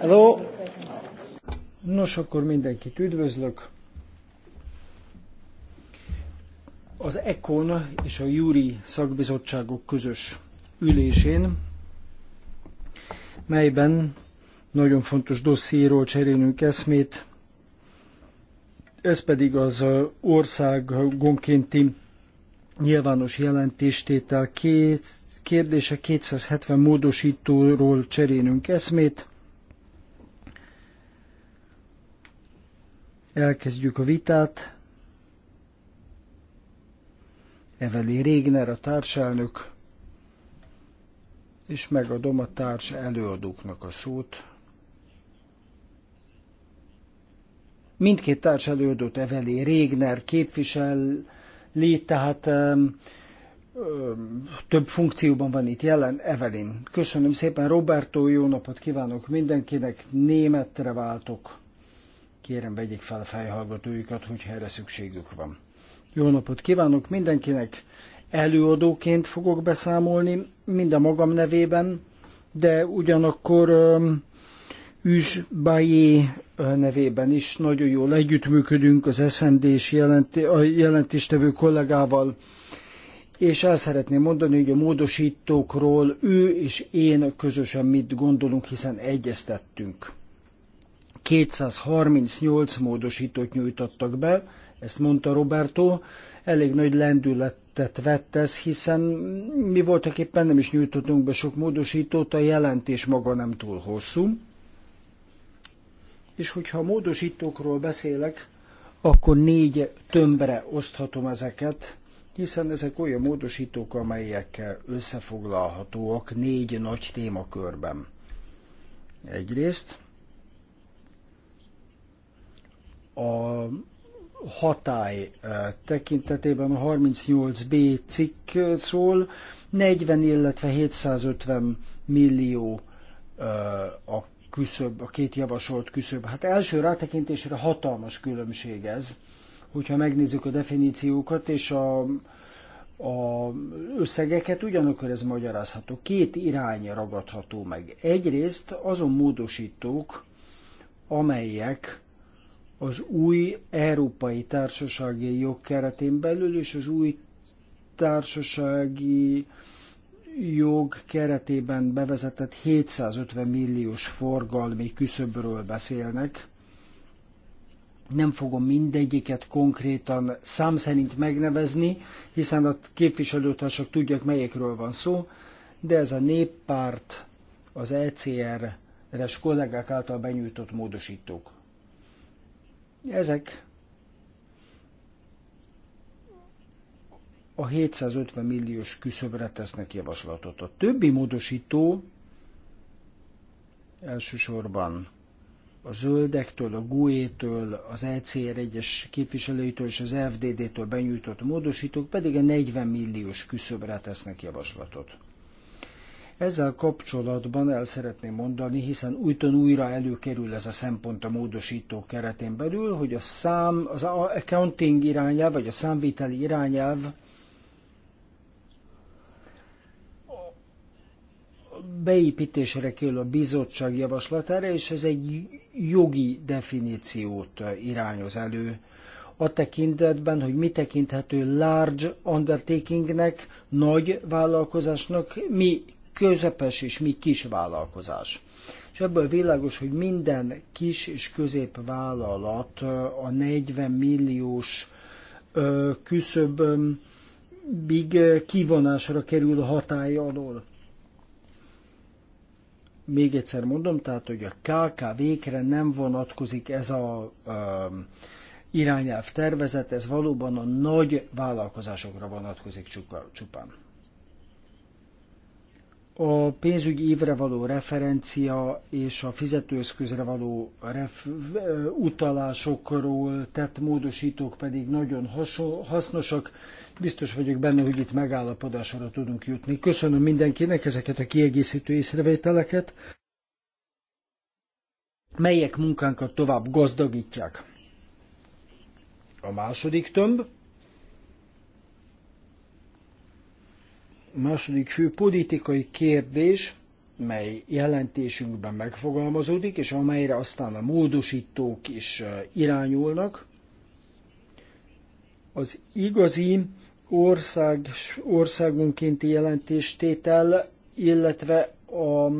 Hello. Nos, akkor mindenkit üdvözlök. Az ECON és a Júri szakbizottságok közös ülésén, melyben nagyon fontos dossziéról cserélünk eszmét, ez pedig az országgonkénti nyilvános jelentéstétel két kérdése, 270 módosítóról cserélünk eszmét. Elkezdjük a vitát. Eveli Régner a társelnök, és megadom a társ előadóknak a szót. Mindkét társ előadót Eveli Régner képvisel, tehát több funkcióban van itt jelen, Evelyn. Köszönöm szépen, Roberto, jó napot kívánok mindenkinek, németre váltok. Kérem, vegyék fel a fejhallgatóikat, hogyha erre szükségük van. Jó napot kívánok mindenkinek, előadóként fogok beszámolni, mind a magam nevében, de ugyanakkor Üs Bájé nevében is nagyon jól együttműködünk az smd s jelent, jelentéstevő kollégával, és el szeretném mondani, hogy a módosítókról ő és én közösen mit gondolunk, hiszen egyeztettünk. 238 módosítót nyújtottak be, ezt mondta Roberto, elég nagy lendületet vett ez, hiszen mi voltak éppen nem is nyújtottunk be sok módosítót, a jelentés maga nem túl hosszú. És hogyha a módosítókról beszélek, akkor négy tömbre oszthatom ezeket, hiszen ezek olyan módosítók, amelyek összefoglalhatóak négy nagy témakörben. Egyrészt a hatály eh, tekintetében a 38B cikk szól, 40, illetve 750 millió eh, a küszöb, a két javasolt küszöb. Hát első rátekintésre hatalmas különbség ez hogyha megnézzük a definíciókat és a, a összegeket, ugyanakkor ez magyarázható. Két irány ragadható meg. Egyrészt azon módosítók, amelyek az új európai társasági jog keretén belül és az új társasági jog keretében bevezetett 750 milliós forgalmi küszöbről beszélnek. Nem fogom mindegyiket konkrétan szám szerint megnevezni, hiszen a képviselőtársak tudják, melyekről van szó, de ez a néppárt, az ECR-es kollégák által benyújtott módosítók. Ezek a 750 milliós küszöbre tesznek javaslatot. A többi módosító elsősorban a zöldektől, a GUE-től, az ECR egyes képviselőitől és az FDD-től benyújtott módosítók pedig a 40 milliós küszöbre tesznek javaslatot. Ezzel kapcsolatban el szeretném mondani, hiszen újton újra előkerül ez a szempont a módosító keretén belül, hogy a szám, az accounting irányelv, vagy a számviteli irányelv beépítésre kerül a bizottság javaslatára, és ez egy jogi definíciót eh, irányoz elő, a tekintetben, hogy mi tekinthető large undertakingnek, nagy vállalkozásnak, mi közepes és mi kis vállalkozás. És ebből világos, hogy minden kis és középvállalat eh, a 40 milliós eh, big kivonásra kerül a hatája alól. Még egyszer mondom, tehát, hogy a KKV-kre nem vonatkozik ez a um, irányelv tervezet, ez valóban a nagy vállalkozásokra vonatkozik csupán. A pénzügyi évre való referencia és a fizetőeszközre való ref- utalásokról tett módosítók pedig nagyon hasznosak, Biztos vagyok benne, hogy itt megállapodásra tudunk jutni. Köszönöm mindenkinek ezeket a kiegészítő észrevételeket, melyek munkánkat tovább gazdagítják. A második tömb, a második fő politikai kérdés, mely jelentésünkben megfogalmazódik, és amelyre aztán a módosítók is eh, irányulnak, az igazi ország, országunkénti jelentéstétel, illetve a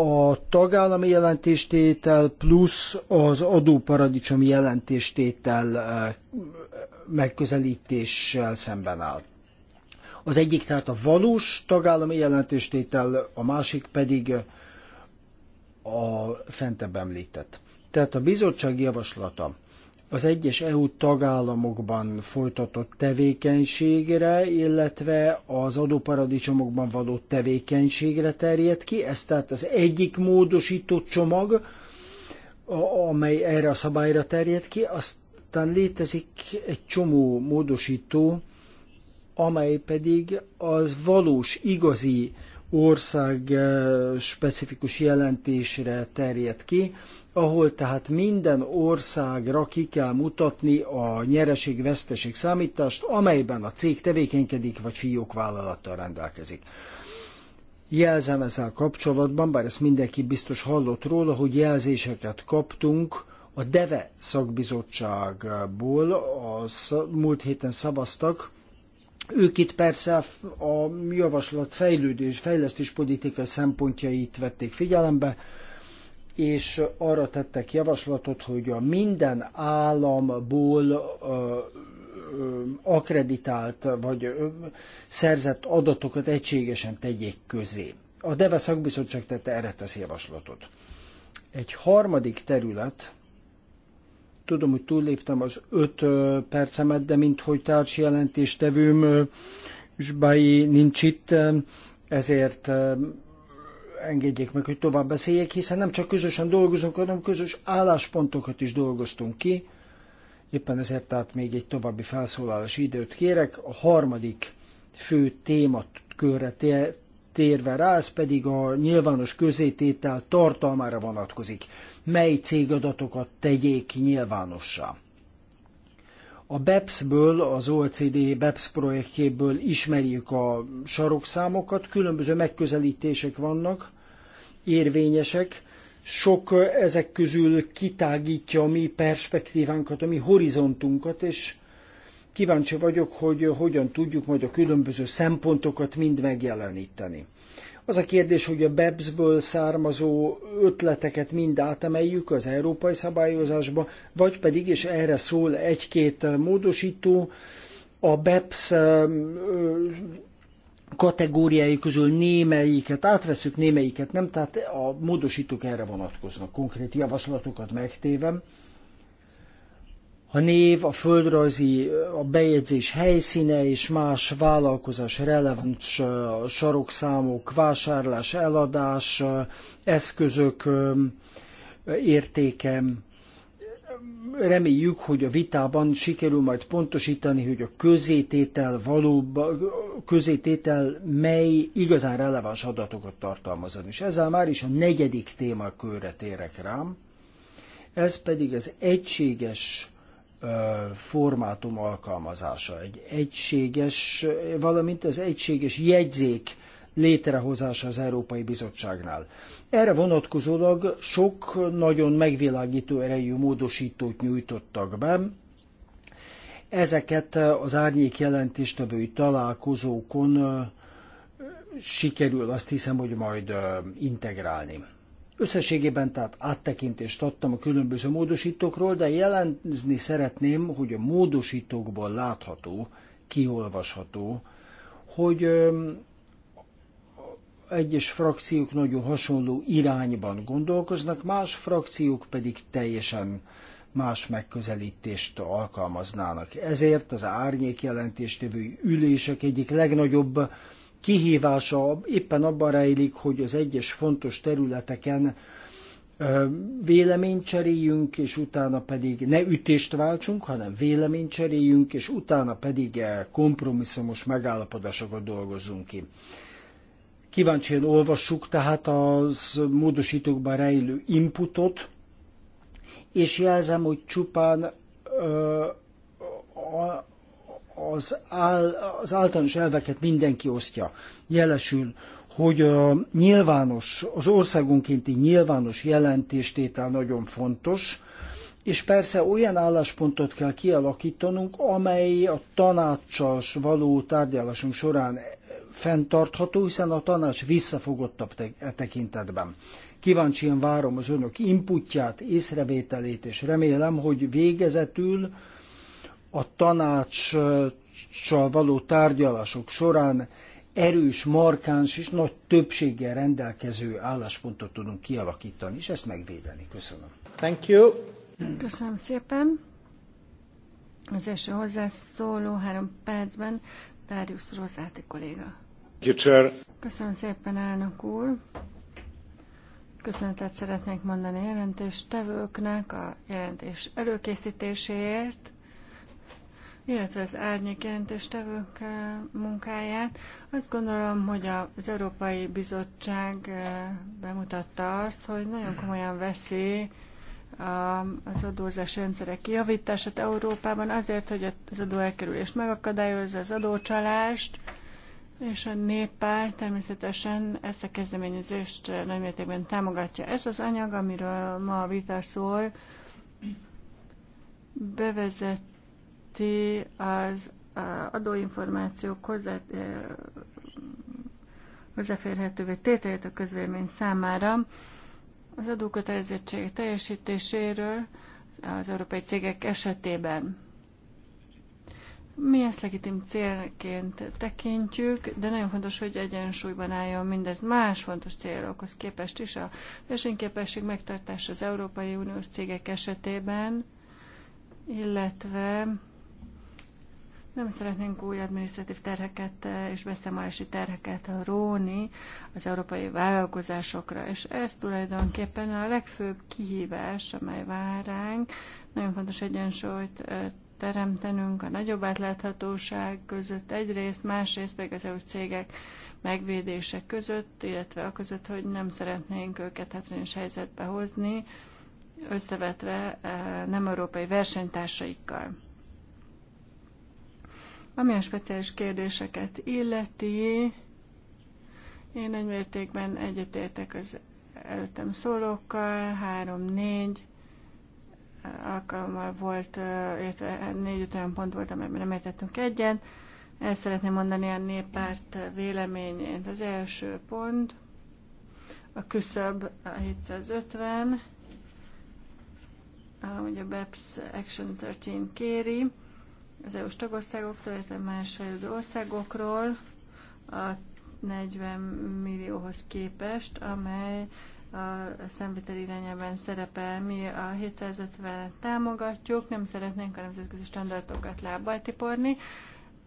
a tagállami jelentéstétel plusz az adóparadicsomi jelentéstétel eh, megközelítéssel szemben áll. Az egyik tehát a valós tagállami jelentéstétel, a másik pedig a fentebb említett. Tehát a bizottság javaslata az egyes EU tagállamokban folytatott tevékenységre, illetve az adóparadicsomokban való tevékenységre terjed ki. Ez tehát az egyik módosított csomag, amely erre a szabályra terjed ki. Aztán létezik egy csomó módosító, amely pedig az valós, igazi ország eh, specifikus jelentésre terjed ki, ahol tehát minden országra ki kell mutatni a nyereség-veszteség számítást, amelyben a cég tevékenykedik, vagy fiókvállalattal rendelkezik. Jelzem ezzel kapcsolatban, bár ezt mindenki biztos hallott róla, hogy jelzéseket kaptunk a DEVE szakbizottságból, az múlt héten szavaztak, ők itt persze a javaslat fejlődés, fejlesztés politikai szempontjait vették figyelembe, és arra tettek javaslatot, hogy a minden államból ö, ö, akreditált vagy ö, szerzett adatokat egységesen tegyék közé. A DEVE szakbizottság tette erre tesz javaslatot. Egy harmadik terület, Tudom, hogy túlléptem az öt percemet, de mint hogy társjelentéstevőm Zsbai nincs itt, ezért engedjék meg, hogy tovább beszéljek, hiszen nem csak közösen dolgozunk, hanem közös álláspontokat is dolgoztunk ki. Éppen ezért tehát még egy további felszólalási időt kérek. A harmadik fő témakörre térve rá, ez pedig a nyilvános közététel tartalmára vonatkozik, mely cégadatokat tegyék nyilvánossá. A BEPS-ből, az OECD BEPS projektjéből ismerjük a sarokszámokat, különböző megközelítések vannak, érvényesek, sok ezek közül kitágítja a mi perspektívánkat, a mi horizontunkat, és Kíváncsi vagyok, hogy hogyan tudjuk majd a különböző szempontokat mind megjeleníteni. Az a kérdés, hogy a BEPS-ből származó ötleteket mind átemeljük az európai szabályozásba, vagy pedig, és erre szól egy-két módosító, a BEPS kategóriái közül némelyiket átveszük, némelyiket nem, tehát a módosítók erre vonatkoznak, konkrét javaslatokat megtévem a név, a földrajzi, a bejegyzés helyszíne és más vállalkozás releváns sarokszámok, vásárlás, eladás, eszközök értéke. Reméljük, hogy a vitában sikerül majd pontosítani, hogy a közététel valóban, közététel mely igazán releváns adatokat tartalmazon. És ezzel már is a negyedik témakörre térek rám. Ez pedig az egységes formátum alkalmazása, egy egységes, valamint az egységes jegyzék létrehozása az Európai Bizottságnál. Erre vonatkozólag sok nagyon megvilágító erejű módosítót nyújtottak be, ezeket az árnyék jelentéstevői találkozókon sikerül azt hiszem, hogy majd integrálni. Összességében tehát áttekintést adtam a különböző módosítókról, de jelenzni szeretném, hogy a módosítókból látható, kiolvasható, hogy egyes frakciók nagyon hasonló irányban gondolkoznak, más frakciók pedig teljesen más megközelítést alkalmaznának. Ezért az árnyék jelentéstevő ülések egyik legnagyobb kihívása éppen abban rejlik, hogy az egyes fontos területeken véleményt cseréljünk, és utána pedig ne ütést váltsunk, hanem véleményt cseréljünk, és utána pedig kompromisszumos megállapodásokat dolgozzunk ki. Kíváncsian olvassuk tehát az módosítókban rejlő inputot, és jelzem, hogy csupán az, áll, az általános elveket mindenki osztja. Jelesül, hogy a nyilvános, az országonkénti nyilvános jelentéstétel nagyon fontos, és persze olyan álláspontot kell kialakítanunk, amely a tanácssal való tárgyalásunk során fenntartható, hiszen a tanács visszafogottabb te- tekintetben. Kíváncsian várom az önök inputját, észrevételét, és remélem, hogy végezetül a tanács tanácssal való tárgyalások során erős, markáns és nagy többséggel rendelkező álláspontot tudunk kialakítani, és ezt megvédeni. Köszönöm. Thank you. Köszönöm szépen. Az első hozzászóló három percben Darius Rozáti kolléga. Köszönöm szépen, elnök úr. Köszönetet szeretnék mondani a jelentéstevőknek a jelentés előkészítéséért illetve az árnyék jelentéstevők munkáját. Azt gondolom, hogy az Európai Bizottság bemutatta azt, hogy nagyon komolyan veszi az adózás rendszerek javítását Európában azért, hogy az adóelkerülést megakadályozza, az adócsalást, és a néppár természetesen ezt a kezdeményezést nagymértékben támogatja. Ez az anyag, amiről ma a vita szól, bevezet illeti az adóinformációk hozzá, hozzáférhetővé tételét a közvélemény számára, az adókötelezettség teljesítéséről az európai cégek esetében. Mi ezt legitim célként tekintjük, de nagyon fontos, hogy egyensúlyban álljon mindez más fontos célokhoz képest is. A versenyképesség megtartása az Európai Uniós cégek esetében, illetve nem szeretnénk új adminisztratív terheket eh, és beszámolási terheket róni az európai vállalkozásokra, és ez tulajdonképpen a legfőbb kihívás, amely vár ránk. Nagyon fontos egyensúlyt eh, teremtenünk a nagyobb átláthatóság között egyrészt, másrészt meg az EU cégek megvédése között, illetve a között, hogy nem szeretnénk őket hátrányos helyzetbe hozni, összevetve eh, nem európai versenytársaikkal. Ami a speciális kérdéseket illeti, én mértékben egyetértek az előttem szólókkal, három-négy alkalommal volt, illetve négy olyan pont volt, amelyben nem értettünk egyen. El szeretném mondani a néppárt véleményét. Az első pont, a küszöb a 750, ahogy a BEPS Action 13 kéri, az EU-s tagországoktól, illetve más fejlődő országokról a 40 millióhoz képest, amely a szemvitel irányában szerepel. Mi a 750 támogatjuk, nem szeretnénk a nemzetközi standardokat lábbal tiporni,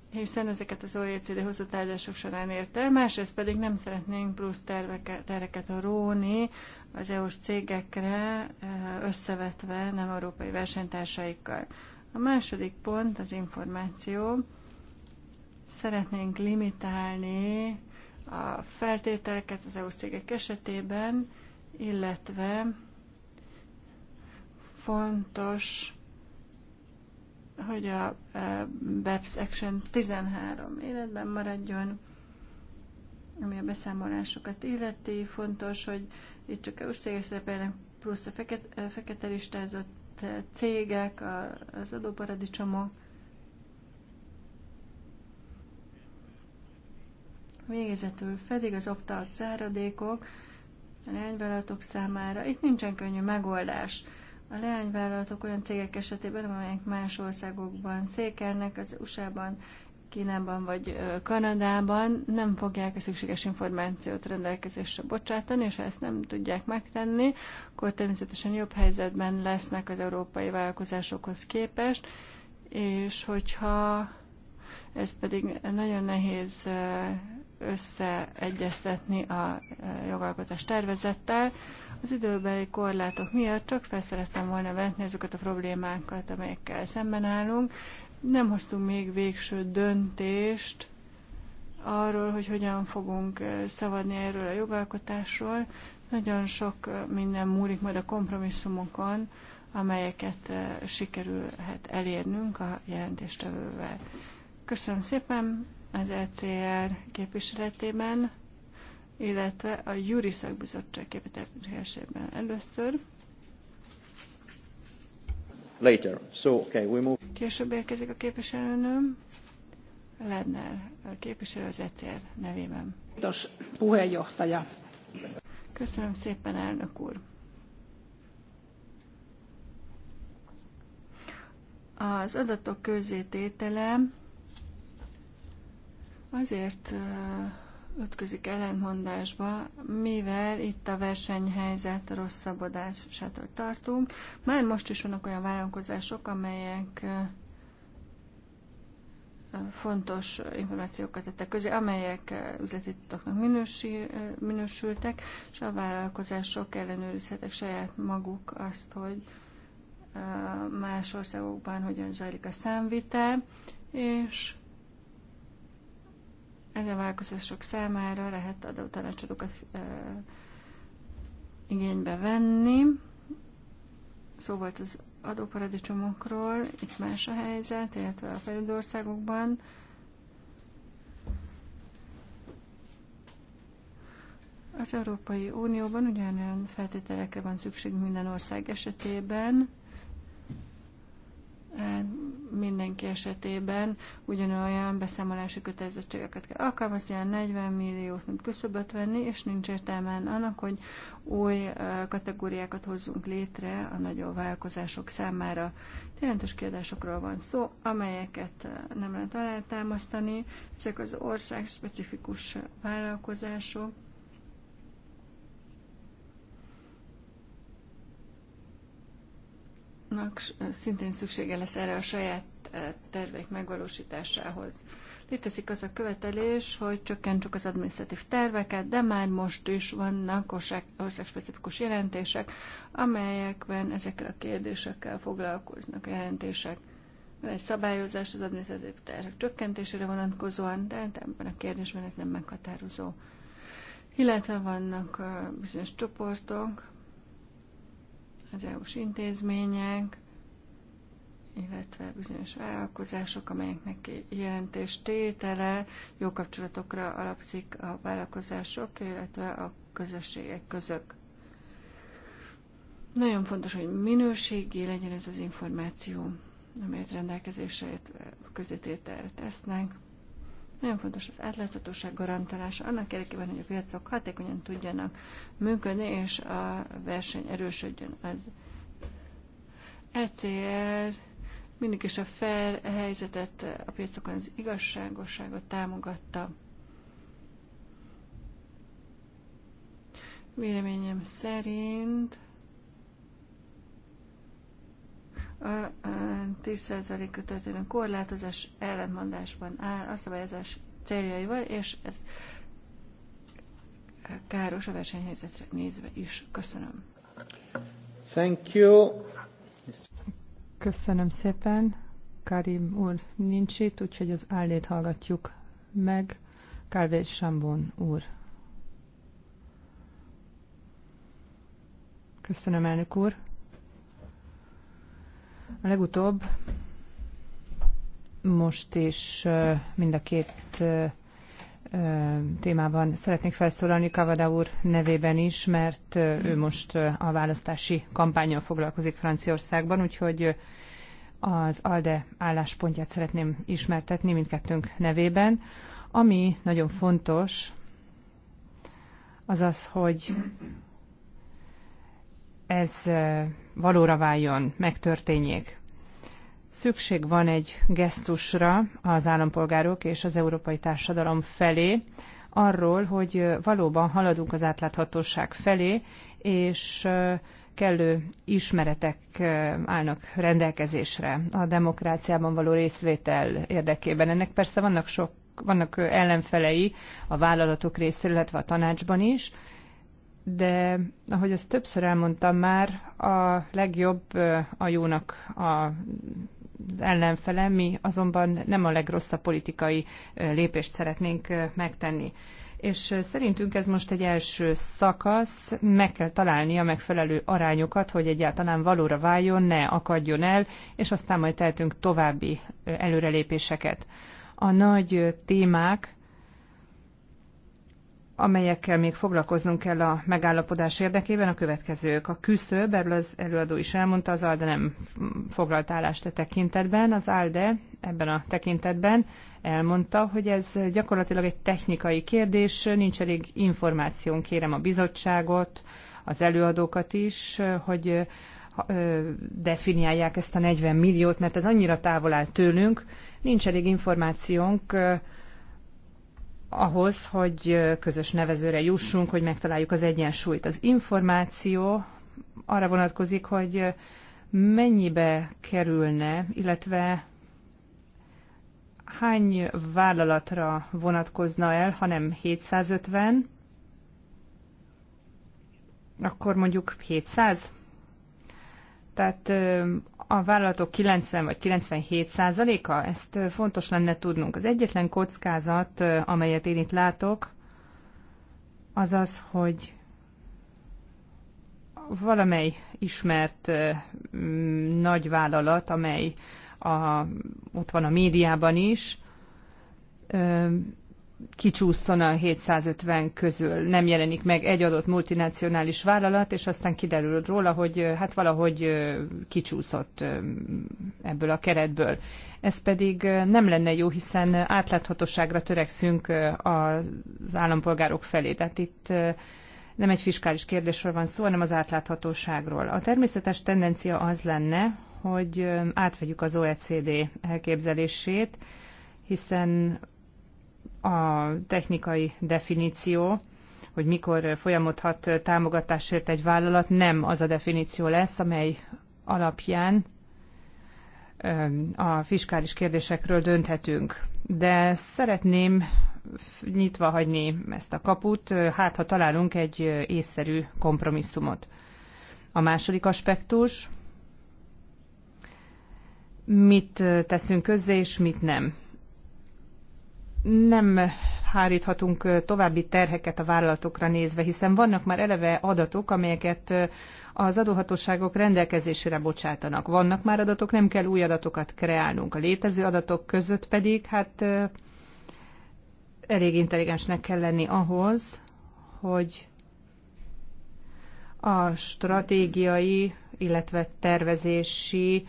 hiszen ezeket az OECD hozott áldások során érte. másrészt pedig nem szeretnénk plusz terveket, tereket róni az EU-s cégekre eh, összevetve nem európai versenytársaikkal. A második pont az információ. Szeretnénk limitálni a feltételeket az EU cégek esetében, illetve fontos, hogy a e, BEPS Action 13 életben maradjon, ami a beszámolásokat illeti. Fontos, hogy itt csak EU cégek szerepelnek, plusz a fekete, e, fekete listázott cégek, az adóparadicsomok. Végezetül pedig az optált záradékok a leányvállalatok számára. Itt nincsen könnyű megoldás. A leányvállalatok olyan cégek esetében, amelyek más országokban székelnek, az USA-ban, Kínában vagy Kanadában nem fogják a szükséges információt rendelkezésre bocsátani, és ha ezt nem tudják megtenni, akkor természetesen jobb helyzetben lesznek az európai vállalkozásokhoz képest, és hogyha ez pedig nagyon nehéz összeegyeztetni a jogalkotás tervezettel. Az időbeli korlátok miatt csak felszerettem volna vetni azokat a problémákat, amelyekkel szemben állunk, nem hoztunk még végső döntést arról, hogy hogyan fogunk szavazni erről a jogalkotásról. Nagyon sok minden múlik majd a kompromisszumokon, amelyeket sikerülhet elérnünk a jelentéstevővel. Köszönöm szépen az ECR képviseletében, illetve a Júri Szakbizottság képviseletében először later. So, okay, we move. Később érkezik a képviselőnőm. Ledner, a képviselő az ETR nevében. Köszönöm szépen, elnök úr. Az adatok közzététele azért ütközik ellentmondásba, mivel itt a versenyhelyzet rosszabbodásától tartunk. Már most is vannak olyan vállalkozások, amelyek fontos információkat tettek közé, amelyek üzleti titoknak minősültek, és a vállalkozások ellenőrizhetek saját maguk azt, hogy más országokban hogyan zajlik a számvitel, és ezen vállalkozások számára lehet e, igénybe venni. Szó volt az adóparadicsomokról, itt más a helyzet, illetve a fejlődő országokban. Az Európai Unióban ugyanolyan feltételekre van szükség minden ország esetében mindenki esetében ugyanolyan beszámolási kötelezettségeket kell alkalmazni, a 40 milliót, mint küszöböt venni, és nincs értelme annak, hogy új kategóriákat hozzunk létre a nagyobb vállalkozások számára. Jelentős kérdésekről van szó, amelyeket nem lehet alátámasztani. Ezek az ország specifikus vállalkozások, Nak szintén szüksége lesz erre a saját eh, terveik megvalósításához. Létezik az a követelés, hogy csökkentsük az adminisztratív terveket, de már most is vannak országspecifikus jelentések, amelyekben ezekkel a kérdésekkel foglalkoznak a jelentések. Van egy szabályozás az adminisztratív tervek csökkentésére vonatkozóan, de hát ebben a kérdésben ez nem meghatározó. Illetve vannak eh, bizonyos csoportok, az EU-s intézmények, illetve bizonyos vállalkozások, amelyeknek jelentés tétele jó kapcsolatokra alapszik a vállalkozások, illetve a közösségek között. Nagyon fontos, hogy minőségi legyen ez az információ, amelyet rendelkezésre közétételre tesznek. Nagyon fontos az átláthatóság garantálása annak érdekében, hogy a piacok hatékonyan tudjanak működni, és a verseny erősödjön. Az ECR mindig is a fair helyzetet, a piacokon az igazságosságot támogatta. Véleményem szerint 10%-a történő korlátozás ellentmondásban áll a szabályozás céljaival, és ez káros a versenyhelyzetre nézve is. Köszönöm. Thank you. Köszönöm szépen. Karim úr nincs itt, úgyhogy az állét hallgatjuk meg. Kálvé Sambon úr. Köszönöm, elnök úr. A legutóbb most is mind a két témában szeretnék felszólalni Kavada úr nevében is, mert ő most a választási kampányon foglalkozik Franciaországban, úgyhogy az ALDE álláspontját szeretném ismertetni mindkettőnk nevében. Ami nagyon fontos, az az, hogy ez valóra váljon, megtörténjék. Szükség van egy gesztusra az állampolgárok és az európai társadalom felé, arról, hogy valóban haladunk az átláthatóság felé, és kellő ismeretek állnak rendelkezésre a demokráciában való részvétel érdekében. Ennek persze vannak sok vannak ellenfelei a vállalatok részéről, illetve a tanácsban is, de ahogy ezt többször elmondtam már, a legjobb a jónak a az ellenfele, mi azonban nem a legrosszabb politikai lépést szeretnénk megtenni. És szerintünk ez most egy első szakasz, meg kell találni a megfelelő arányokat, hogy egyáltalán valóra váljon, ne akadjon el, és aztán majd tehetünk további előrelépéseket. A nagy témák, amelyekkel még foglalkoznunk kell a megállapodás érdekében, a következők. A küszöb, erről az előadó is elmondta, az ALDE nem foglalt állást a e tekintetben. Az ALDE ebben a tekintetben elmondta, hogy ez gyakorlatilag egy technikai kérdés, nincs elég információnk, kérem a bizottságot, az előadókat is, hogy definiálják ezt a 40 milliót, mert ez annyira távol áll tőlünk, nincs elég információnk, ahhoz, hogy közös nevezőre jussunk, hogy megtaláljuk az egyensúlyt. Az információ arra vonatkozik, hogy mennyibe kerülne, illetve hány vállalatra vonatkozna el, hanem 750, akkor mondjuk 700. Tehát a vállalatok 90 vagy 97 százaléka? Ezt fontos lenne tudnunk. Az egyetlen kockázat, amelyet én itt látok, az az, hogy valamely ismert nagy vállalat, amely a, ott van a médiában is, kicsúszson a 750 közül, nem jelenik meg egy adott multinacionális vállalat, és aztán kiderül róla, hogy hát valahogy kicsúszott ebből a keretből. Ez pedig nem lenne jó, hiszen átláthatóságra törekszünk az állampolgárok felé. Tehát itt nem egy fiskális kérdésről van szó, hanem az átláthatóságról. A természetes tendencia az lenne, hogy átvegyük az OECD elképzelését, hiszen a technikai definíció, hogy mikor folyamodhat támogatásért egy vállalat, nem az a definíció lesz, amely alapján a fiskális kérdésekről dönthetünk. De szeretném nyitva hagyni ezt a kaput, hát ha találunk egy észszerű kompromisszumot. A második aspektus, mit teszünk közzé és mit nem nem háríthatunk további terheket a vállalatokra nézve, hiszen vannak már eleve adatok, amelyeket az adóhatóságok rendelkezésére bocsátanak. Vannak már adatok, nem kell új adatokat kreálnunk. A létező adatok között pedig hát elég intelligensnek kell lenni ahhoz, hogy a stratégiai, illetve tervezési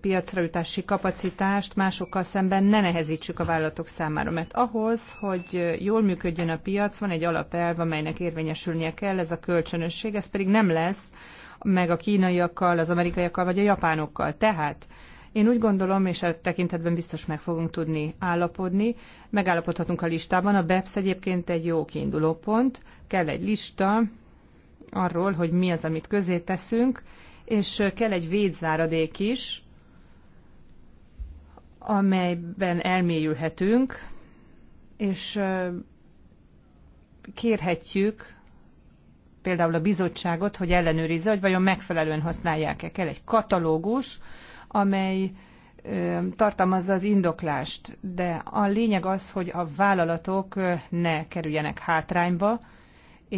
piacra jutási kapacitást másokkal szemben ne nehezítsük a vállalatok számára, mert ahhoz, hogy jól működjön a piac, van egy alapelv, amelynek érvényesülnie kell, ez a kölcsönösség, ez pedig nem lesz meg a kínaiakkal, az amerikaiakkal vagy a japánokkal. Tehát én úgy gondolom, és a e tekintetben biztos meg fogunk tudni állapodni, megállapodhatunk a listában. A BEPS egyébként egy jó kiinduló pont, kell egy lista arról, hogy mi az, amit közé teszünk, és kell egy védzáradék is, amelyben elmélyülhetünk, és kérhetjük például a bizottságot, hogy ellenőrizze, hogy vajon megfelelően használják-e. Kell egy katalógus, amely tartalmazza az indoklást, de a lényeg az, hogy a vállalatok ne kerüljenek hátrányba,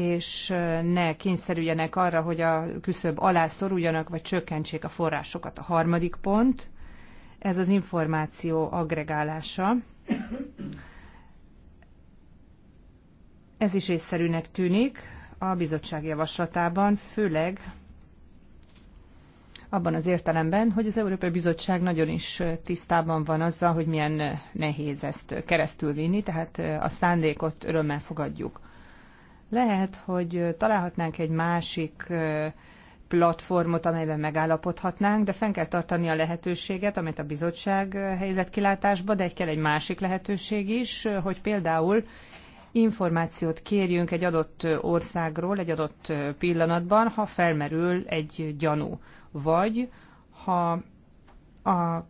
és ne kényszerüljenek arra, hogy a küszöb alá szoruljanak, vagy csökkentsék a forrásokat. A harmadik pont, ez az információ agregálása. Ez is észszerűnek tűnik a bizottság javaslatában, főleg abban az értelemben, hogy az Európai Bizottság nagyon is tisztában van azzal, hogy milyen nehéz ezt keresztülvinni, tehát a szándékot örömmel fogadjuk. Lehet, hogy találhatnánk egy másik platformot, amelyben megállapodhatnánk, de fenn kell tartani a lehetőséget, amit a bizottság helyzet kilátásba, de egy kell egy másik lehetőség is, hogy például információt kérjünk egy adott országról egy adott pillanatban, ha felmerül egy gyanú, vagy ha a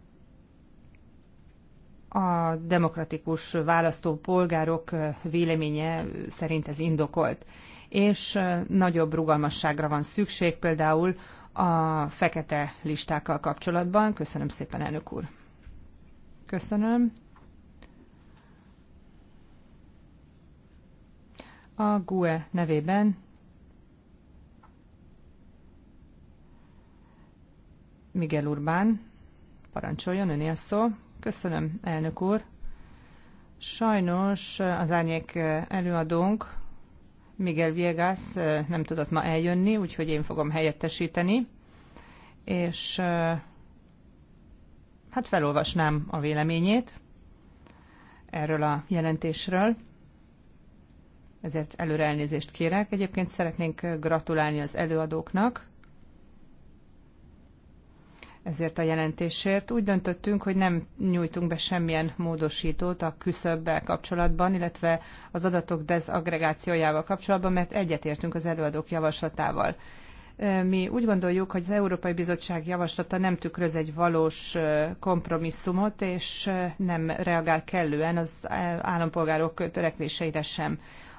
a demokratikus választópolgárok véleménye szerint ez indokolt. És nagyobb rugalmasságra van szükség például a fekete listákkal kapcsolatban. Köszönöm szépen, elnök úr. Köszönöm. A GUE nevében Miguel Urbán, parancsoljon, a szó. Köszönöm, elnök úr. Sajnos eh, az árnyék eh, előadónk, Miguel Viegas eh, nem tudott ma eljönni, úgyhogy én fogom helyettesíteni, és hát felolvasnám a véleményét erről a jelentésről ezért előre elnézést kérek. Egyébként szeretnénk gratulálni az előadóknak ezért a jelentésért. Úgy döntöttünk, hogy nem nyújtunk be semmilyen módosítót a küszöbbel kapcsolatban, illetve az adatok dezagregációjával kapcsolatban, mert egyetértünk az előadók javaslatával. Mi úgy gondoljuk, hogy az Európai Bizottság javaslata nem tükröz egy valós kompromisszumot, és nem reagál kellően az állampolgárok törekvéseire sem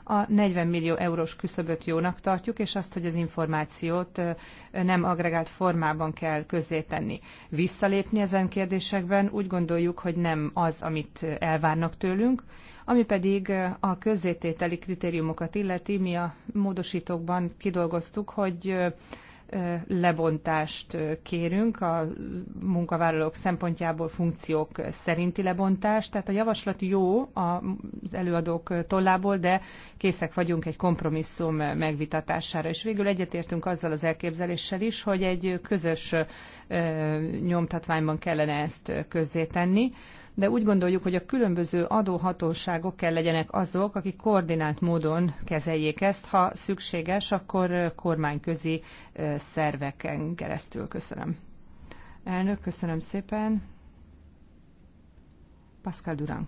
a 40 millió eurós küszöböt jónak tartjuk, és azt, hogy az információt nem agregált formában kell közzétenni. Visszalépni ezen kérdésekben úgy gondoljuk, hogy nem az, amit elvárnak tőlünk, ami pedig a közzétételi kritériumokat illeti, mi a módosítókban kidolgoztuk, hogy lebontást kérünk, a munkavállalók szempontjából funkciók szerinti lebontást. Tehát a javaslat jó az előadók tollából, de készek vagyunk egy kompromisszum megvitatására. És végül egyetértünk azzal az elképzeléssel is, hogy egy közös nyomtatványban kellene ezt közzétenni, de úgy gondoljuk, hogy a különböző adóhatóságok kell legyenek azok, akik koordinált módon kezeljék ezt, ha szükséges, akkor kormányközi szerveken keresztül. Köszönöm. Elnök, köszönöm szépen. Pascal Durán.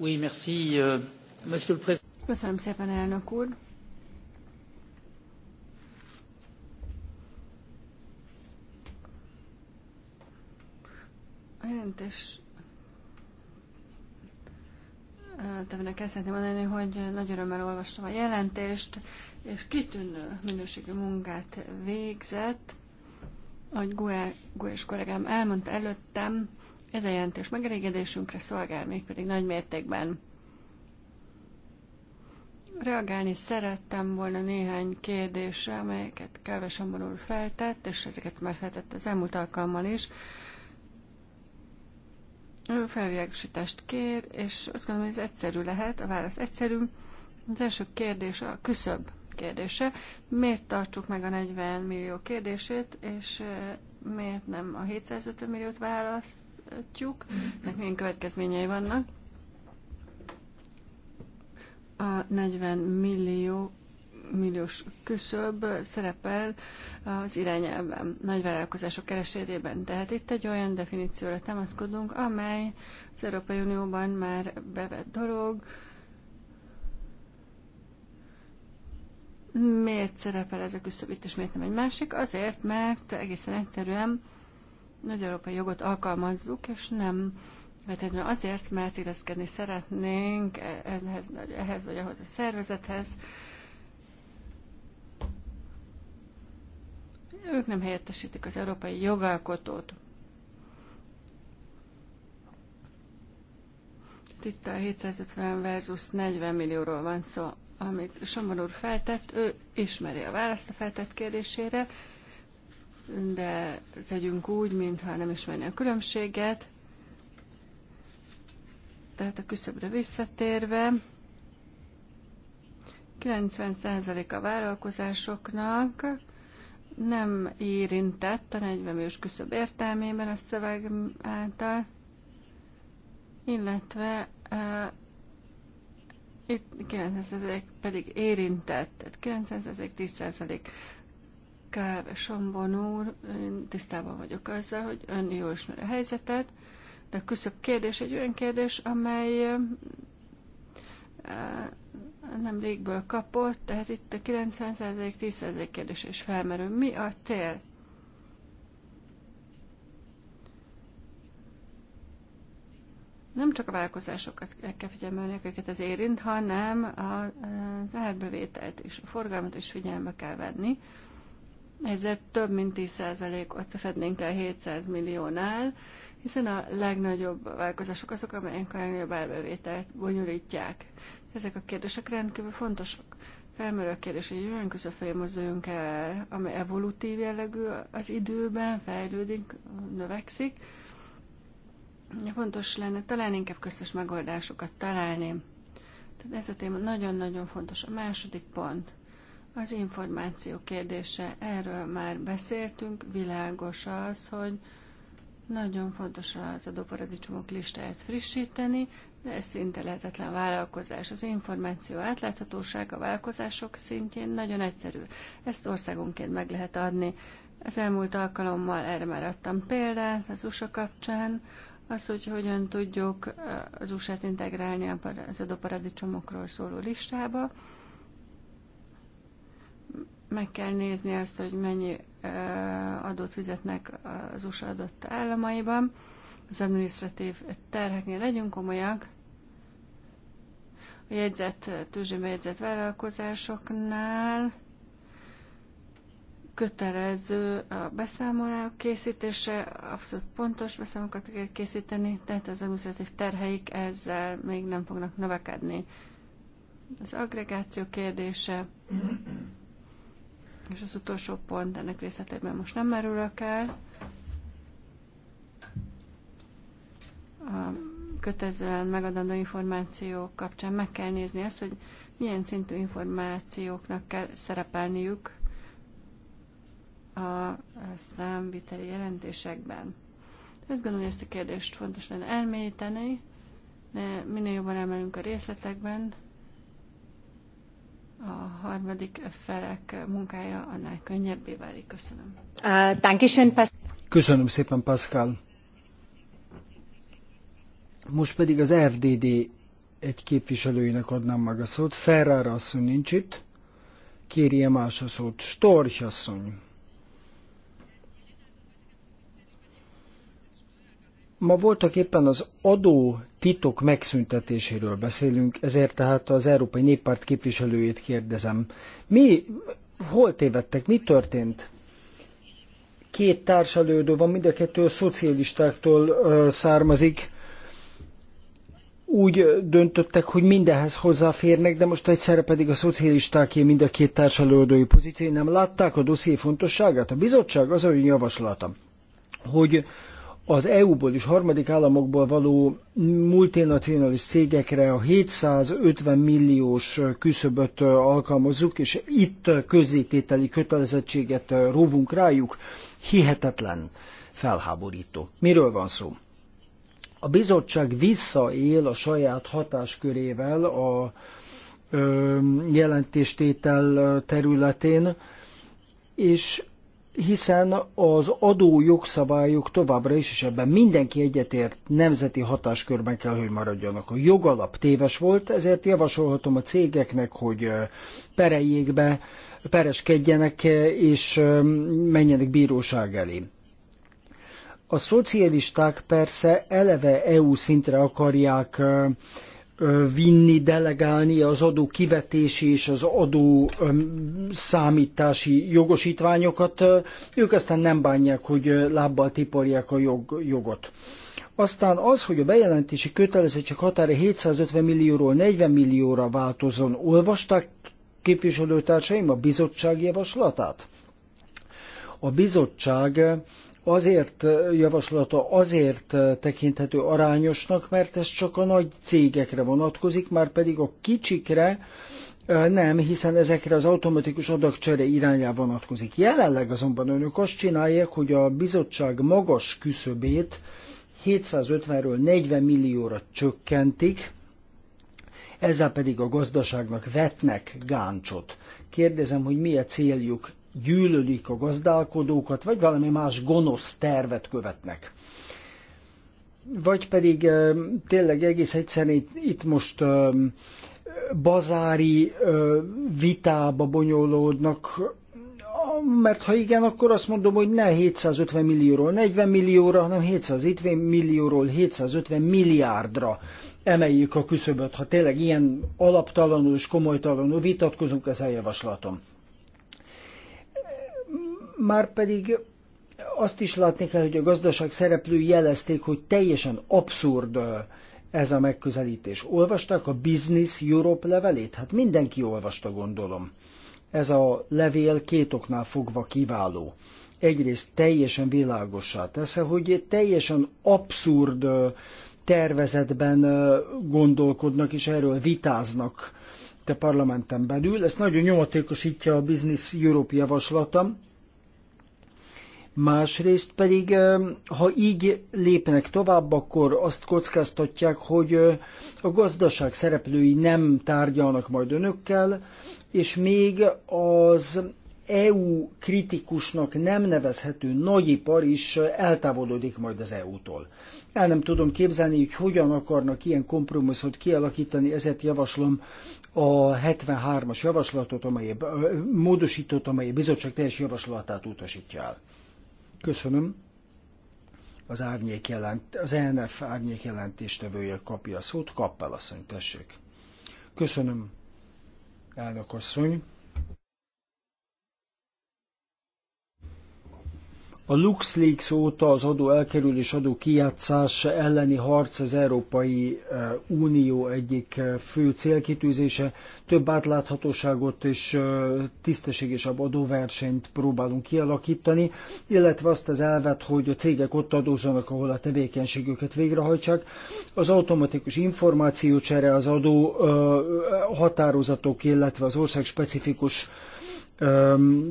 Oui, merci, euh, monsieur Köszönöm szépen, elnök úr. A jelentés tevének el szeretném mondani, hogy nagy örömmel olvastam a jelentést, és kitűnő minőségű munkát végzett. Ahogy Gué, és kollégám elmondta előttem, ez a jelentés megelégedésünkre szolgál, mégpedig nagy mértékben. Reagálni szerettem volna néhány kérdésre, amelyeket Káves Amor feltett, és ezeket már feltett az elmúlt alkalommal is felvilágosítást kér, és azt gondolom, hogy ez egyszerű lehet, a válasz egyszerű. Az első kérdés a küszöbb kérdése. Miért tartsuk meg a 40 millió kérdését, és miért nem a 750 milliót választjuk? Ennek milyen következményei vannak? A 40 millió milliós küszöb szerepel az irányelven, nagyvállalkozások keresérében. Tehát itt egy olyan definícióra támaszkodunk, amely az Európai Unióban már bevett dolog. Miért szerepel ez a küszöb itt, és miért nem egy másik? Azért, mert egészen egyszerűen az európai jogot alkalmazzuk, és nem Vetődően azért, mert illeszkedni szeretnénk ehhez, ehhez vagy ahhoz a szervezethez, Ők nem helyettesítik az európai jogalkotót. Itt a 750 versus 40 millióról van szó, amit Somor úr feltett, ő ismeri a választ a feltett kérdésére, de tegyünk úgy, mintha nem ismerné a különbséget. Tehát a küszöbre visszatérve, 90% a vállalkozásoknak nem érintett a 40 ős küszöb értelmében a szöveg által, illetve uh, itt 90% pedig érintett, tehát 90% 10% Káv Sombon úr, én tisztában vagyok azzal, hogy ön jól ismeri a helyzetet, de a küszöb kérdés egy olyan kérdés, amely uh, nem légből kapott, tehát itt a 90%-10% kérdés is felmerül. Mi a cél? Nem csak a vállalkozásokat kell figyelmelni, akiket ez érint, hanem az árbevételt és a forgalmat is figyelme kell venni. Ezzel több mint 10%-ot fednénk el 700 milliónál, hiszen a legnagyobb vállalkozások azok, amelyek a legnagyobb árbevételt bonyolítják. Ezek a kérdések rendkívül fontosak. Felmerül a kérdés, hogy olyan felé mozduljunk el, ami evolutív jellegű az időben, fejlődik, növekszik. Fontos lenne talán inkább köztes megoldásokat találni. Tehát ez a téma nagyon-nagyon fontos. A második pont az információ kérdése. Erről már beszéltünk, világos az, hogy nagyon fontos az adóparadicsomok listáját frissíteni, de ez szinte lehetetlen vállalkozás. Az információ átláthatóság a vállalkozások szintjén nagyon egyszerű. Ezt országonként meg lehet adni. Az elmúlt alkalommal erre már adtam példát az USA kapcsán, az, hogy hogyan tudjuk eh, az USA-t integrálni az adóparadicsomokról szóló listába. Meg kell nézni azt, hogy mennyi adót fizetnek az USA adott államaiban. Az administratív terheknél legyünk komolyak. A jegyzett, tőzsébe jegyzett vállalkozásoknál kötelező a beszámolók készítése, abszolút pontos beszámolókat kell készíteni, tehát az administratív terheik ezzel még nem fognak növekedni. Az agregáció kérdése és az utolsó pont, ennek részletében most nem merülök el. A kötezően megadandó információk kapcsán meg kell nézni azt, hogy milyen szintű információknak kell szerepelniük a számviteli jelentésekben. Ezt gondolom, hogy ezt a kérdést fontos lenne elmélyíteni, de minél jobban emelünk a részletekben, a harmadik felek munkája annál könnyebbé válik. Köszönöm. Köszönöm szépen, Pascal. Most pedig az FDD egy képviselőjének adnám meg a szót. Ferrara asszony nincs itt. Kérje más a szót. Storch asszony. Ma voltak éppen az adó titok megszüntetéséről beszélünk, ezért tehát az Európai Néppárt képviselőjét kérdezem. Mi, hol tévedtek, mi történt? Két társelődő van, mind a kettő a szocialistáktól származik. Úgy döntöttek, hogy mindenhez hozzáférnek, de most egyszerre pedig a szocialistáké mind a két társelődői pozíció nem látták a dosszié fontosságát. A bizottság az olyan javaslata, hogy az EU-ból és harmadik államokból való multinacionális cégekre a 750 milliós küszöböt alkalmazzuk, és itt közzétételi kötelezettséget róvunk rájuk, hihetetlen felháborító. Miről van szó? A bizottság visszaél a saját hatáskörével a jelentéstétel területén, és hiszen az adó jogszabályok továbbra is, és ebben mindenki egyetért, nemzeti hatáskörben kell, hogy maradjanak. A jogalap téves volt, ezért javasolhatom a cégeknek, hogy pereljék be, pereskedjenek és menjenek bíróság elé. A szocialisták persze eleve EU szintre akarják vinni, delegálni az adó kivetési és az adó számítási jogosítványokat. Ők aztán nem bánják, hogy lábbal tiporják a jog, jogot. Aztán az, hogy a bejelentési kötelezettség határa 750 millióról 40 millióra változon, olvasták képviselőtársaim a bizottság javaslatát? A bizottság azért javaslata azért tekinthető arányosnak, mert ez csak a nagy cégekre vonatkozik, már pedig a kicsikre nem, hiszen ezekre az automatikus adagcsere irányába vonatkozik. Jelenleg azonban önök azt csinálják, hogy a bizottság magas küszöbét 750-ről 40 millióra csökkentik, ezzel pedig a gazdaságnak vetnek gáncsot. Kérdezem, hogy mi a céljuk gyűlölik a gazdálkodókat, vagy valami más gonosz tervet követnek. Vagy pedig tényleg egész egyszerűen itt, itt most bazári vitába bonyolódnak, mert ha igen, akkor azt mondom, hogy ne 750 millióról 40 millióra, hanem 750 millióról 750 milliárdra emeljük a küszöböt. Ha tényleg ilyen alaptalanul és komolytalanul vitatkozunk, ez a javaslatom. Márpedig azt is látni kell, hogy a gazdaság szereplői jelezték, hogy teljesen abszurd ez a megközelítés. Olvasták a Business Europe levelét? Hát mindenki olvasta, gondolom. Ez a levél két oknál fogva kiváló. Egyrészt teljesen világossá tesz, hogy teljesen abszurd tervezetben gondolkodnak és erről vitáznak a parlamenten belül. Ezt nagyon nyomatékosítja a Business Europe javaslata, Másrészt pedig, ha így lépnek tovább, akkor azt kockáztatják, hogy a gazdaság szereplői nem tárgyalnak majd önökkel, és még az EU kritikusnak nem nevezhető nagyipar is eltávolodik majd az EU-tól. El nem tudom képzelni, hogy hogyan akarnak ilyen kompromisszot kialakítani, ezért javaslom a 73-as javaslatot, amely módosított, amely a bizottság teljes javaslatát utasítja el. Köszönöm. Az árnyék jelent, az ENF árnyék jelentéstevője kapja a szót, asszony, tessék. Köszönöm, elnök asszony. A LuxLeaks óta az adó elkerülés, adó kijátszás elleni harc az Európai eh, Unió egyik eh, fő célkitűzése. Több átláthatóságot és eh, tisztességesebb adóversenyt próbálunk kialakítani, illetve azt az elvet, hogy a cégek ott adózzanak, ahol a tevékenységüket végrehajtsák. Az automatikus információcsere, az adó határozatok, illetve az ország specifikus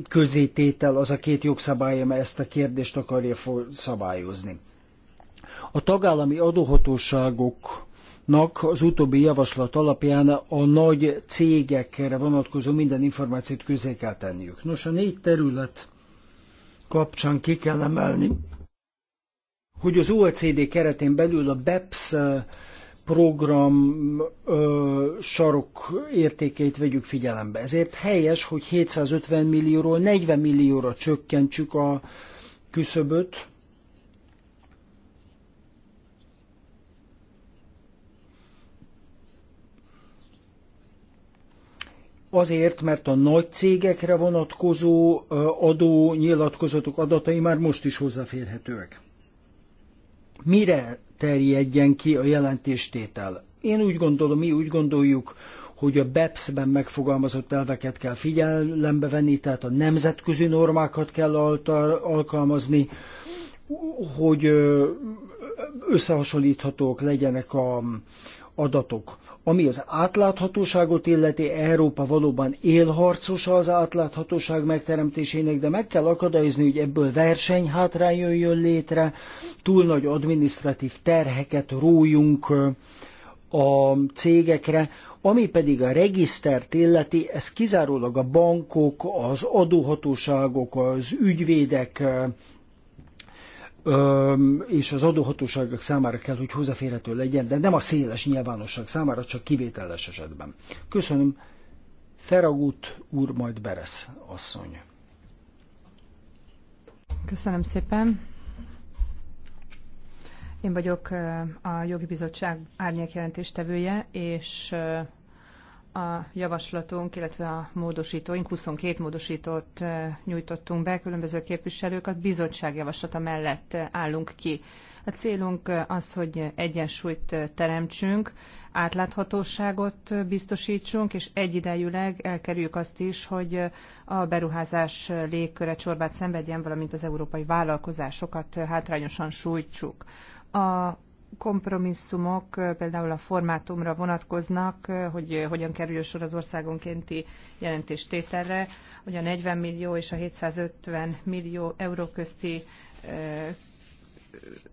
közététel az a két jogszabály, amely ezt a kérdést akarja szabályozni. A tagállami adóhatóságok az utóbbi javaslat alapján a nagy cégekre vonatkozó minden információt közé kell tenniük. Nos, a négy terület kapcsán ki kell emelni, hogy az OECD keretén belül a BEPS program ö, sarok értékeit vegyük figyelembe. Ezért helyes, hogy 750 millióról 40 millióra csökkentsük a küszöböt. Azért, mert a nagy cégekre vonatkozó adó nyilatkozatok adatai már most is hozzáférhetőek mire terjedjen ki a jelentéstétel. Én úgy gondolom, mi úgy gondoljuk, hogy a BEPS-ben megfogalmazott elveket kell figyelembe venni, tehát a nemzetközi normákat kell alkalmazni, hogy összehasonlíthatók legyenek a adatok. Ami az átláthatóságot illeti, Európa valóban élharcosa az átláthatóság megteremtésének, de meg kell akadályozni, hogy ebből versenyhátrány jöjjön létre, túl nagy adminisztratív terheket rójunk a cégekre, ami pedig a regisztert illeti, ez kizárólag a bankok, az adóhatóságok, az ügyvédek és az adóhatóságok számára kell, hogy hozzáférhető legyen, de nem a széles nyilvánosság számára, csak kivételes esetben. Köszönöm. Feragut úr, majd Beresz asszony. Köszönöm szépen. Én vagyok a jogi bizottság árnyékjelentéstevője, és a javaslatunk, illetve a módosítóink, 22 módosítót nyújtottunk be, különböző képviselők, a bizottság javaslata mellett állunk ki. A célunk az, hogy egyensúlyt teremtsünk, átláthatóságot biztosítsunk, és egyidejűleg elkerüljük azt is, hogy a beruházás légköre csorbát szenvedjen, valamint az európai vállalkozásokat hátrányosan sújtsuk. A kompromisszumok például a formátumra vonatkoznak, hogy hogyan kerül sor az országonkénti jelentéstételre, hogy a 40 millió és a 750 millió euró közti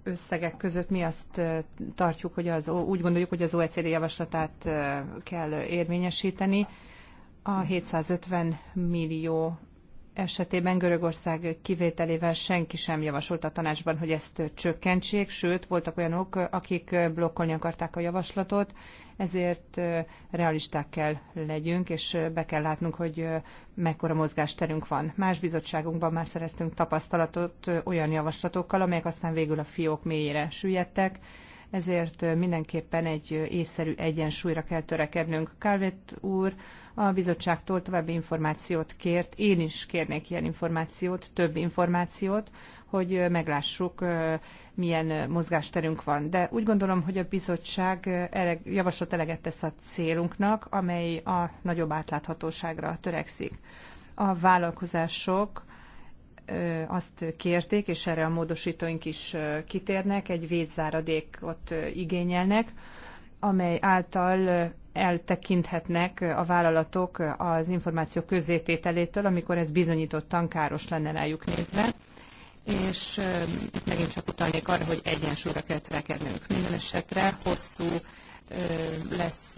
összegek között mi azt tartjuk, hogy az, úgy gondoljuk, hogy az OECD javaslatát kell érvényesíteni. A 750 millió esetében Görögország kivételével senki sem javasolt a tanácsban, hogy ezt csökkentsék, sőt, voltak olyanok, akik blokkolni akarták a javaslatot, ezért realisták kell legyünk, és be kell látnunk, hogy mekkora mozgásterünk van. Más bizottságunkban már szereztünk tapasztalatot olyan javaslatokkal, amelyek aztán végül a fiók mélyére süllyedtek, ezért mindenképpen egy észszerű egyensúlyra kell törekednünk. Calvet úr a bizottságtól további információt kért, én is kérnék ilyen információt, több információt, hogy meglássuk, milyen mozgásterünk van. De úgy gondolom, hogy a bizottság javaslat eleget tesz a célunknak, amely a nagyobb átláthatóságra törekszik. A vállalkozások azt kérték, és erre a módosítóink is kitérnek, egy védzáradékot igényelnek, amely által eltekinthetnek a vállalatok az információ közzétételétől, amikor ez bizonyítottan káros lenne rájuk nézve. És itt megint csak utalnék arra, hogy egyensúlyra kell törekednünk. Minden esetre hosszú lesz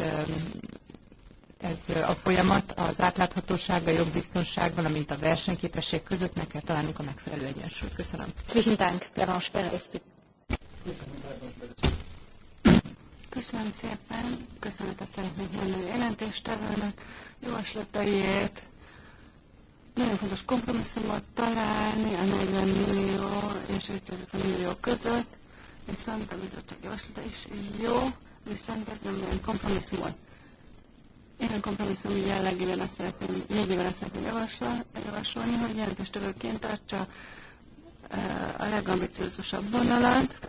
ez a folyamat az átláthatóság, a jogbiztonság, valamint a versenyképesség között meg kell találnunk a megfelelő egyensúlyt. Köszönöm. Vielen Dank, Köszönöm szépen, köszönetet szeretnék mondani a jelentéstevőnek, javaslataiért. Nagyon fontos kompromisszumot találni a 40 millió és 550 millió között, viszont a bizottság javaslata is jó, viszont ez nem olyan kompromisszumot Ilyen kompromisszum jellegében azt szeretném, jegyében azt szeretném javasol, javasolni, hogy jelentéstevőként tartsa eh, a legambiciózusabb vonalat,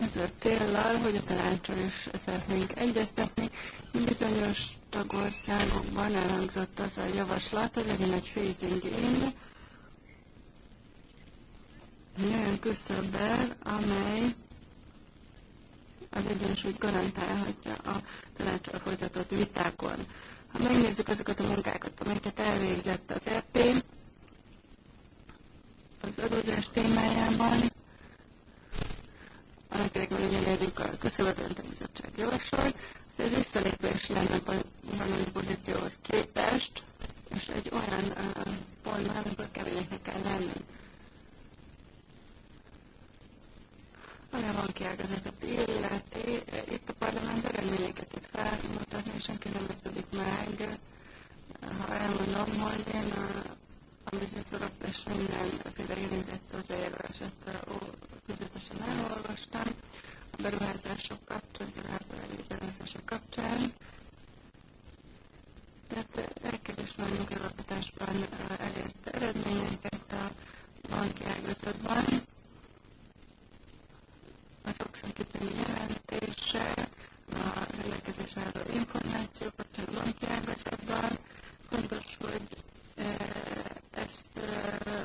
ez a hogy a tanácsról is szeretnénk egyeztetni. Bizonyos tagországokban elhangzott az a javaslat, hogy legyen egy phasing in, egy olyan küszöbbel, amely az egyensúlyt garantálhatja a tanácsra folytatott vitákon. Ha megnézzük azokat a munkákat, amelyeket elvégzett az EP az adózás témájában, annak van ugyanérjük a köszönhetően a bizottság javasolt, ez visszalépés lenne a valódi pozícióhoz képest, és egy olyan uh, pontban, amikor keményeknek kell lenni. van Korábban kiágazatott illeti, itt a parlament eredményeket tud felmutatni, és senki nem lepődik meg, ha elmondom, hogy én a, a műszorot és mindenféle érintett az érvesett közvetesen elolvastam, a beruházások kapcsán, az irányítási beruházások kapcsán, tehát el kell ismernünk alapításban elért eredményeket a banki ágazatban az oxigéni jelentése, a rendelkezés információkat a banki ágazatban. Fontos, hogy eh, ezt eh,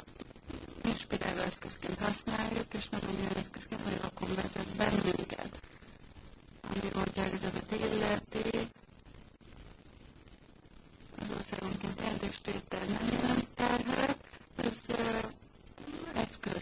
inspiráló eszközként használjuk, és nem olyan eszközként, hogy vakon vezet bennünket. Ami a banki ágazatot illeti, az országonként jelentéstétel nem jelent terhet, ez eh, eszköz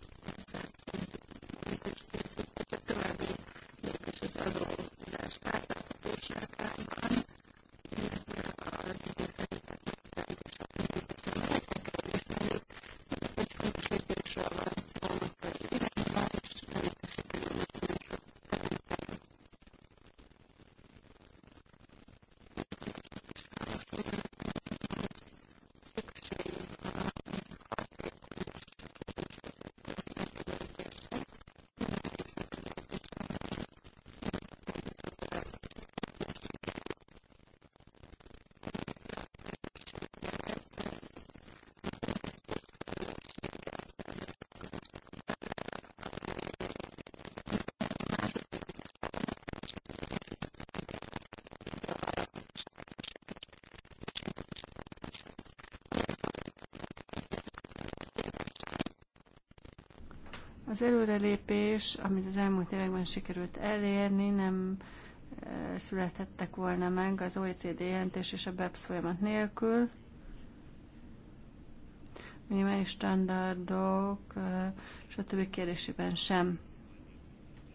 Az előrelépés, amit az elmúlt években sikerült elérni, nem e, születhettek volna meg az OECD jelentés és a BEPS folyamat nélkül. Minimális standardok, e, stb. kérdésében sem.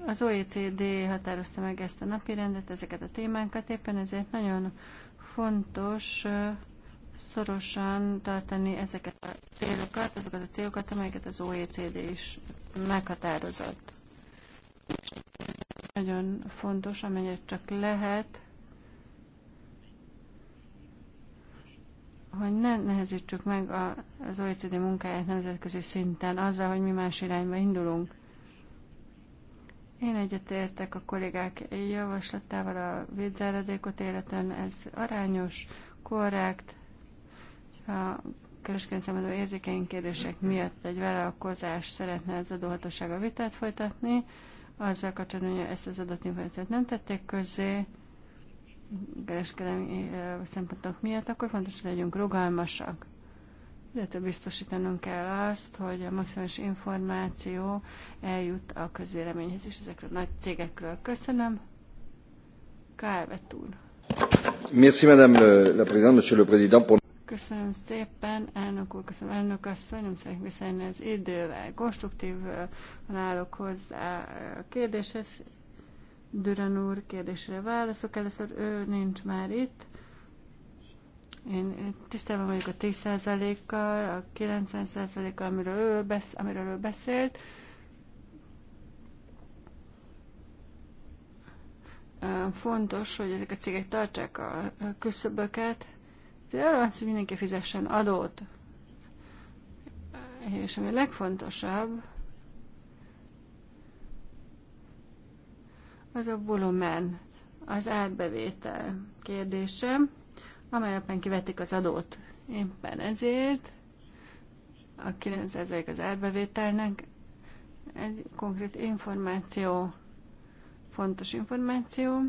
Az OECD határozta meg ezt a napirendet, ezeket a témánkat, éppen ezért nagyon fontos e, szorosan tartani ezeket a célokat, azokat a célokat, amelyeket az OECD is meghatározott. És nagyon fontos, amennyit csak lehet, hogy ne nehezítsük meg az OECD munkáját nemzetközi szinten azzal, hogy mi más irányba indulunk. Én egyetértek a kollégák javaslatával a védzáradékot életen, ez arányos, korrekt, ha kereskedő szempontból érzékeny kérdések miatt egy vállalkozás szeretne az adóhatósága vitát folytatni, azzal kapcsolatban, hogy ezt az adatinformációt nem tették közzé, kereskedelmi eh, szempontok miatt, akkor fontos, hogy legyünk rugalmasak. Illetve biztosítanunk kell azt, hogy a maximális információ eljut a közéleményhez. is ezekről a nagy cégekről. Köszönöm. Kálvet úr. Merci, madame la présidente, monsieur le président. Köszönöm szépen, elnök úr, köszönöm elnök asszony, nem szeretnék visszajönni az idővel. Konstruktívan állok hozzá a kérdéshez. Düran úr kérdésre válaszok. Először ő nincs már itt. Én tisztában vagyok a 10%-kal, a 90%-kal, amiről ő, besz- amiről ő beszélt. Fontos, hogy ezek a cégek tartsák a küszöböket, tehát arra van szó, hogy mindenki fizessen adót. És ami a legfontosabb, az a volumen, az átbevétel kérdése, amelyben kivetik az adót. Éppen ezért a 9% az árbevételnek egy konkrét információ, fontos információ,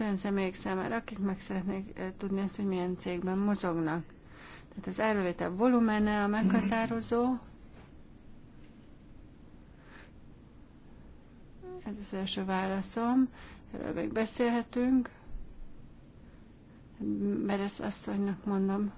olyan személyek számára, akik meg szeretnék tudni azt, hogy milyen cégben mozognak. Tehát az árbevétel volumene a meghatározó. Ez az első válaszom. Erről még beszélhetünk. ezt asszonynak mondom.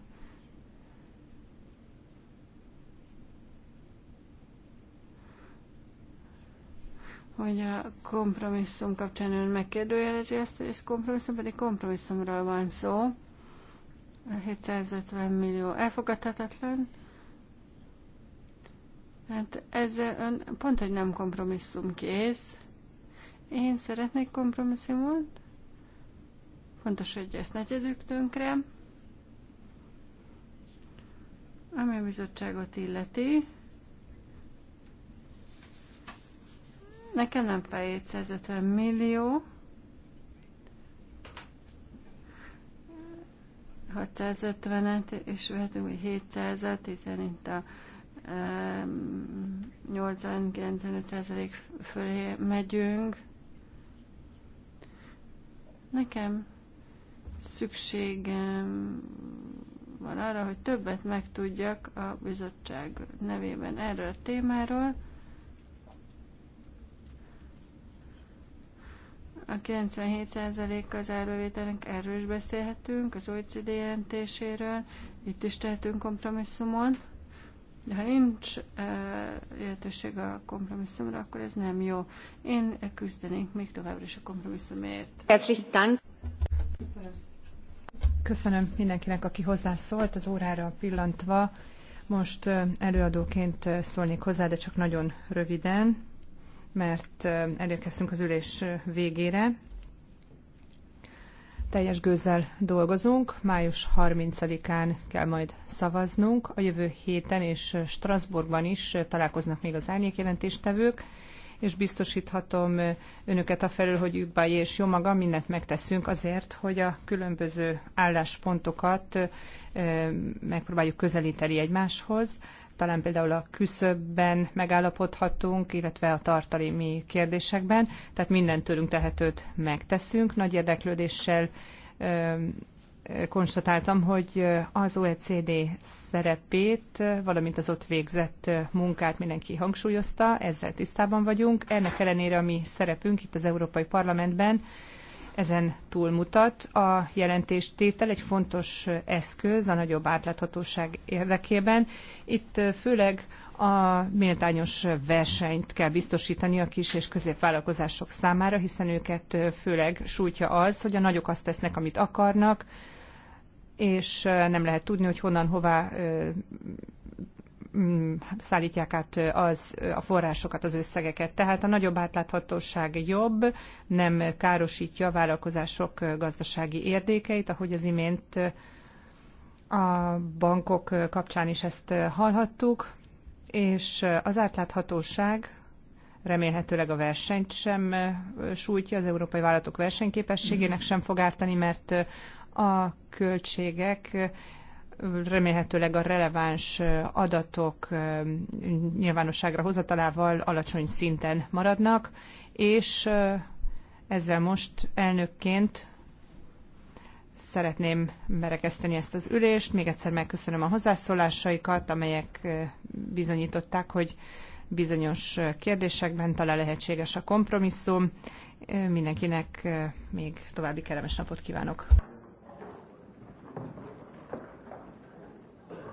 hogy a kompromisszum kapcsán ön megkérdőjelezi azt, hogy ez kompromisszum, pedig kompromisszumról van szó. 750 millió elfogadhatatlan. Hát ezzel ön pont, hogy nem kompromisszum kész. Én szeretnék kompromisszumot. Fontos, hogy ezt ne tegyük tönkre. Ami a bizottságot illeti, Nekem nem fel 750 millió, 650-et, és vehetünk 700-et, hiszen itt a 80-95% fölé megyünk. Nekem szükségem van arra, hogy többet megtudjak a bizottság nevében erről a témáról. A 97%-a az árbevételnek, erről is beszélhetünk, az OECD jelentéséről, itt is tehetünk kompromisszumon. De ha nincs uh, lehetőség a kompromisszumra, akkor ez nem jó. Én küzdenék még továbbra is a kompromisszumért. Köszönöm. Köszönöm mindenkinek, aki hozzászólt az órára pillantva. Most előadóként szólnék hozzá, de csak nagyon röviden mert elérkeztünk az ülés végére. Teljes gőzzel dolgozunk, május 30-án kell majd szavaznunk, a jövő héten és Strasbourgban is találkoznak még az árnyékjelentéstevők, és biztosíthatom önöket a felül, hogy Ügbály és jó magam mindent megteszünk azért, hogy a különböző álláspontokat megpróbáljuk közelíteni egymáshoz talán például a küszöbben megállapodhatunk, illetve a tartalmi kérdésekben, tehát minden tőlünk tehetőt megteszünk. Nagy érdeklődéssel konstatáltam, hogy az OECD szerepét, valamint az ott végzett munkát mindenki hangsúlyozta, ezzel tisztában vagyunk. Ennek ellenére a mi szerepünk itt az Európai Parlamentben ezen túlmutat a jelentéstétel egy fontos eszköz a nagyobb átláthatóság érdekében. Itt főleg a méltányos versenyt kell biztosítani a kis és középvállalkozások számára, hiszen őket főleg sújtja az, hogy a nagyok azt tesznek, amit akarnak, és nem lehet tudni, hogy honnan, hová Mm, szállítják át az, a forrásokat, az összegeket. Tehát a nagyobb átláthatóság jobb, nem károsítja a vállalkozások gazdasági érdékeit, ahogy az imént a bankok kapcsán is ezt hallhattuk, és az átláthatóság remélhetőleg a versenyt sem sújtja, az európai vállalatok versenyképességének sem fog ártani, mert a költségek remélhetőleg a releváns adatok nyilvánosságra hozatalával alacsony szinten maradnak, és ezzel most elnökként szeretném merekeszteni ezt az ülést. Még egyszer megköszönöm a hozzászólásaikat, amelyek bizonyították, hogy bizonyos kérdésekben talán lehetséges a kompromisszum. Mindenkinek még további kellemes napot kívánok!